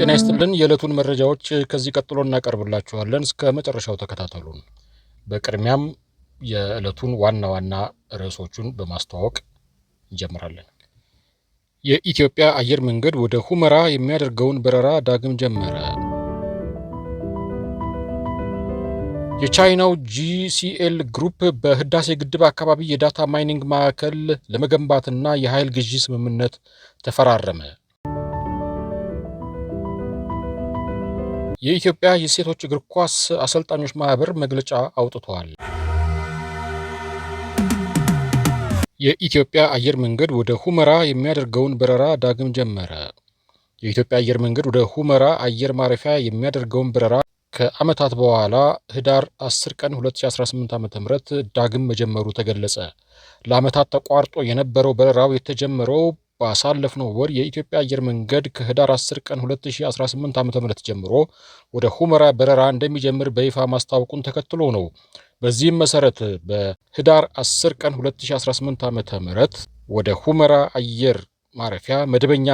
ጤና ይስጥልን። የዕለቱን መረጃዎች ከዚህ ቀጥሎ እናቀርብላችኋለን። እስከ መጨረሻው ተከታተሉን። በቅድሚያም የዕለቱን ዋና ዋና ርዕሶቹን በማስተዋወቅ እንጀምራለን። የኢትዮጵያ አየር መንገድ ወደ ሁመራ የሚያደርገውን በረራ ዳግም ጀመረ። የቻይናው ጂሲኤል ግሩፕ በህዳሴ ግድብ አካባቢ የዳታ ማይኒንግ ማዕከል ለመገንባትና የኃይል ግዢ ስምምነት ተፈራረመ። የኢትዮጵያ የሴቶች እግር ኳስ አሰልጣኞች ማህበር መግለጫ አውጥተዋል። የኢትዮጵያ አየር መንገድ ወደ ሁመራ የሚያደርገውን በረራ ዳግም ጀመረ። የኢትዮጵያ አየር መንገድ ወደ ሁመራ አየር ማረፊያ የሚያደርገውን በረራ ከዓመታት በኋላ ህዳር 10 ቀን 2018 ዓ ም ዳግም መጀመሩ ተገለጸ። ለዓመታት ተቋርጦ የነበረው በረራው የተጀመረው ባሳለፍነው ወር የኢትዮጵያ አየር መንገድ ከህዳር 10 ቀን 2018 ዓ ም ጀምሮ ወደ ሁመራ በረራ እንደሚጀምር በይፋ ማስታወቁን ተከትሎ ነው። በዚህም መሰረት በህዳር 10 ቀን 2018 ዓ ም ወደ ሁመራ አየር ማረፊያ መደበኛ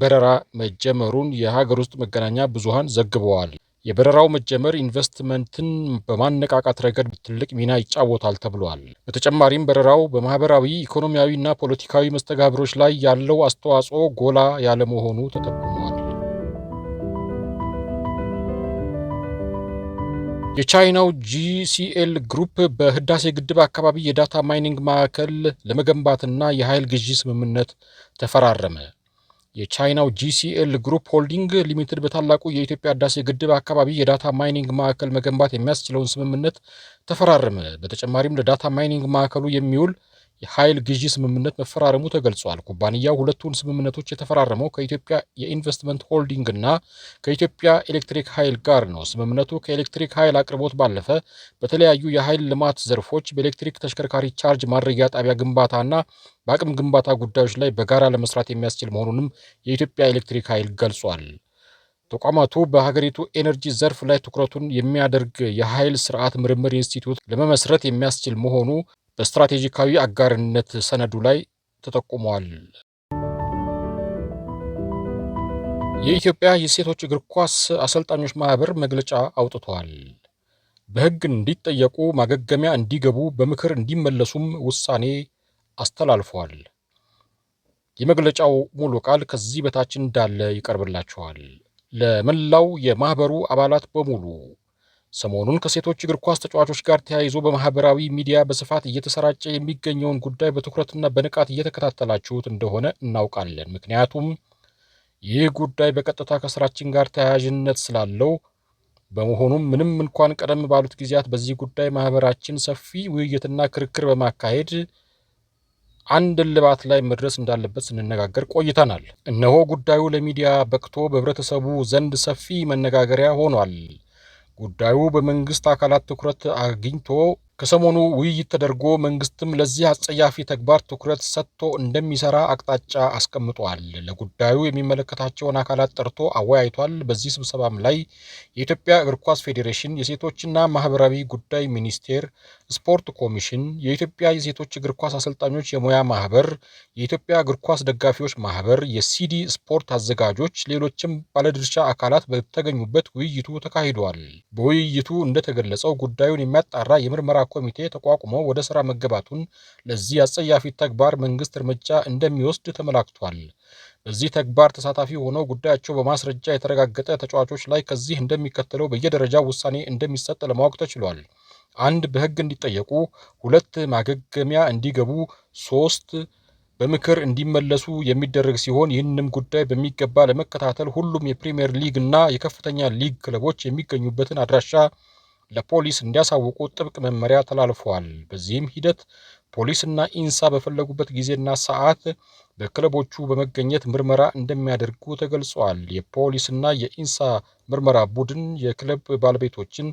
በረራ መጀመሩን የሀገር ውስጥ መገናኛ ብዙሃን ዘግበዋል። የበረራው መጀመር ኢንቨስትመንትን በማነቃቃት ረገድ ትልቅ ሚና ይጫወታል ተብሏል። በተጨማሪም በረራው በማህበራዊ ኢኮኖሚያዊና ፖለቲካዊ መስተጋብሮች ላይ ያለው አስተዋጽኦ ጎላ ያለ መሆኑ ተጠቁሟል። የቻይናው ጂሲኤል ግሩፕ በህዳሴ ግድብ አካባቢ የዳታ ማይኒንግ ማዕከል ለመገንባትና የኃይል ግዢ ስምምነት ተፈራረመ። የቻይናው ጂሲኤል ግሩፕ ሆልዲንግ ሊሚትድ በታላቁ የኢትዮጵያ ህዳሴ ግድብ አካባቢ የዳታ ማይኒንግ ማዕከል መገንባት የሚያስችለውን ስምምነት ተፈራረመ። በተጨማሪም ለዳታ ማይኒንግ ማዕከሉ የሚውል የኃይል ግዢ ስምምነት መፈራረሙ ተገልጿል። ኩባንያው ሁለቱን ስምምነቶች የተፈራረመው ከኢትዮጵያ የኢንቨስትመንት ሆልዲንግ እና ከኢትዮጵያ ኤሌክትሪክ ኃይል ጋር ነው። ስምምነቱ ከኤሌክትሪክ ኃይል አቅርቦት ባለፈ በተለያዩ የኃይል ልማት ዘርፎች በኤሌክትሪክ ተሽከርካሪ ቻርጅ ማድረጊያ ጣቢያ ግንባታ እና በአቅም ግንባታ ጉዳዮች ላይ በጋራ ለመስራት የሚያስችል መሆኑንም የኢትዮጵያ ኤሌክትሪክ ኃይል ገልጿል። ተቋማቱ በሀገሪቱ ኤነርጂ ዘርፍ ላይ ትኩረቱን የሚያደርግ የኃይል ስርዓት ምርምር ኢንስቲትዩት ለመመስረት የሚያስችል መሆኑ በስትራቴጂካዊ አጋርነት ሰነዱ ላይ ተጠቁሟል። የኢትዮጵያ የሴቶች እግር ኳስ አሰልጣኞች ማህበር መግለጫ አውጥቷል። በሕግ እንዲጠየቁ ማገገሚያ እንዲገቡ በምክር እንዲመለሱም ውሳኔ አስተላልፏል። የመግለጫው ሙሉ ቃል ከዚህ በታች እንዳለ ይቀርብላችኋል። ለመላው የማህበሩ አባላት በሙሉ ሰሞኑን ከሴቶች እግር ኳስ ተጫዋቾች ጋር ተያይዞ በማህበራዊ ሚዲያ በስፋት እየተሰራጨ የሚገኘውን ጉዳይ በትኩረትና በንቃት እየተከታተላችሁት እንደሆነ እናውቃለን። ምክንያቱም ይህ ጉዳይ በቀጥታ ከስራችን ጋር ተያያዥነት ስላለው በመሆኑም ምንም እንኳን ቀደም ባሉት ጊዜያት በዚህ ጉዳይ ማህበራችን ሰፊ ውይይትና ክርክር በማካሄድ አንድ እልባት ላይ መድረስ እንዳለበት ስንነጋገር ቆይተናል። እነሆ ጉዳዩ ለሚዲያ በቅቶ በህብረተሰቡ ዘንድ ሰፊ መነጋገሪያ ሆኗል። ጉዳዩ በመንግስት አካላት ትኩረት አግኝቶ ከሰሞኑ ውይይት ተደርጎ መንግስትም ለዚህ አጸያፊ ተግባር ትኩረት ሰጥቶ እንደሚሰራ አቅጣጫ አስቀምጧል። ለጉዳዩ የሚመለከታቸውን አካላት ጠርቶ አወያይቷል። በዚህ ስብሰባም ላይ የኢትዮጵያ እግር ኳስ ፌዴሬሽን፣ የሴቶችና ማህበራዊ ጉዳይ ሚኒስቴር፣ ስፖርት ኮሚሽን፣ የኢትዮጵያ የሴቶች እግር ኳስ አሰልጣኞች የሙያ ማህበር፣ የኢትዮጵያ እግር ኳስ ደጋፊዎች ማህበር፣ የሲዲ ስፖርት አዘጋጆች፣ ሌሎችም ባለድርሻ አካላት በተገኙበት ውይይቱ ተካሂዷል። በውይይቱ እንደተገለጸው ጉዳዩን የሚያጣራ የምርመራ ኮሚቴ ተቋቁሞ ወደ ስራ መገባቱን፣ ለዚህ አጸያፊ ተግባር መንግስት እርምጃ እንደሚወስድ ተመላክቷል። በዚህ ተግባር ተሳታፊ ሆነው ጉዳያቸው በማስረጃ የተረጋገጠ ተጫዋቾች ላይ ከዚህ እንደሚከተለው በየደረጃው ውሳኔ እንደሚሰጥ ለማወቅ ተችሏል። አንድ በህግ እንዲጠየቁ፣ ሁለት ማገገሚያ እንዲገቡ፣ ሶስት በምክር እንዲመለሱ የሚደረግ ሲሆን ይህንም ጉዳይ በሚገባ ለመከታተል ሁሉም የፕሪምየር ሊግ እና የከፍተኛ ሊግ ክለቦች የሚገኙበትን አድራሻ ለፖሊስ እንዲያሳውቁ ጥብቅ መመሪያ ተላልፈዋል። በዚህም ሂደት ፖሊስና ኢንሳ በፈለጉበት ጊዜና ሰዓት በክለቦቹ በመገኘት ምርመራ እንደሚያደርጉ ተገልጿል። የፖሊስና የኢንሳ ምርመራ ቡድን የክለብ ባለቤቶችን፣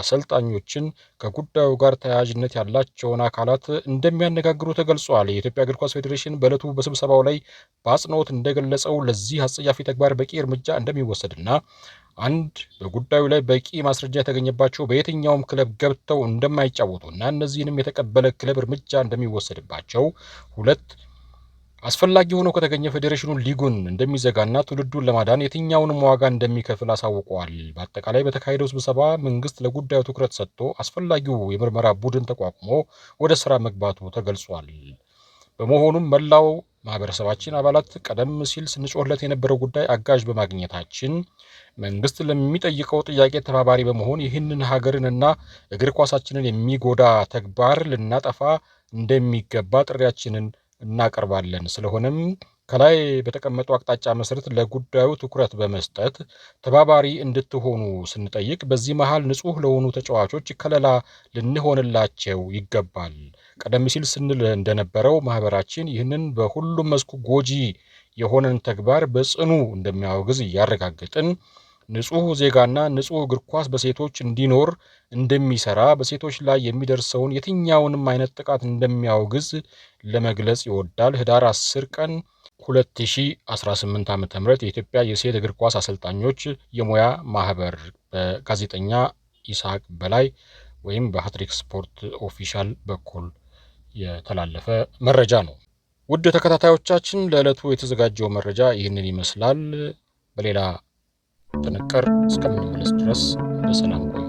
አሰልጣኞችን፣ ከጉዳዩ ጋር ተያያዥነት ያላቸውን አካላት እንደሚያነጋግሩ ተገልጿል። የኢትዮጵያ እግር ኳስ ፌዴሬሽን በዕለቱ በስብሰባው ላይ በአጽንኦት እንደገለጸው ለዚህ አጸያፊ ተግባር በቂ እርምጃ እንደሚወሰድና አንድ በጉዳዩ ላይ በቂ ማስረጃ የተገኘባቸው በየትኛውም ክለብ ገብተው እንደማይጫወቱ እና እነዚህንም የተቀበለ ክለብ እርምጃ እንደሚወሰድባቸው፣ ሁለት አስፈላጊ ሆኖ ከተገኘ ፌዴሬሽኑ ሊጉን እንደሚዘጋና ትውልዱን ለማዳን የትኛውንም ዋጋ እንደሚከፍል አሳውቀዋል። በአጠቃላይ በተካሄደው ስብሰባ መንግስት ለጉዳዩ ትኩረት ሰጥቶ አስፈላጊው የምርመራ ቡድን ተቋቁሞ ወደ ስራ መግባቱ ተገልጿል። በመሆኑም መላው ማህበረሰባችን አባላት ቀደም ሲል ስንጮህለት የነበረው ጉዳይ አጋዥ በማግኘታችን መንግስት ለሚጠይቀው ጥያቄ ተባባሪ በመሆን ይህንን ሀገርንና እግር ኳሳችንን የሚጎዳ ተግባር ልናጠፋ እንደሚገባ ጥሪያችንን እናቀርባለን። ስለሆነም ከላይ በተቀመጡ አቅጣጫ መሰረት ለጉዳዩ ትኩረት በመስጠት ተባባሪ እንድትሆኑ ስንጠይቅ በዚህ መሃል ንጹህ ለሆኑ ተጫዋቾች ከለላ ልንሆንላቸው ይገባል። ቀደም ሲል ስንል እንደነበረው ማህበራችን ይህንን በሁሉም መስኩ ጎጂ የሆነን ተግባር በጽኑ እንደሚያወግዝ እያረጋገጥን ንጹህ ዜጋና ንጹህ እግር ኳስ በሴቶች እንዲኖር እንደሚሰራ በሴቶች ላይ የሚደርሰውን የትኛውንም አይነት ጥቃት እንደሚያወግዝ ለመግለጽ ይወዳል። ህዳር 10 ቀን 2018 ዓ ም የኢትዮጵያ የሴት እግር ኳስ አሰልጣኞች የሙያ ማህበር በጋዜጠኛ ይስሐቅ በላይ ወይም በሀትሪክ ስፖርት ኦፊሻል በኩል የተላለፈ መረጃ ነው። ውድ ተከታታዮቻችን ለዕለቱ የተዘጋጀው መረጃ ይህንን ይመስላል። በሌላ ጥንቅር እስከምንመለስ ድረስ በሰላም ቆዩ።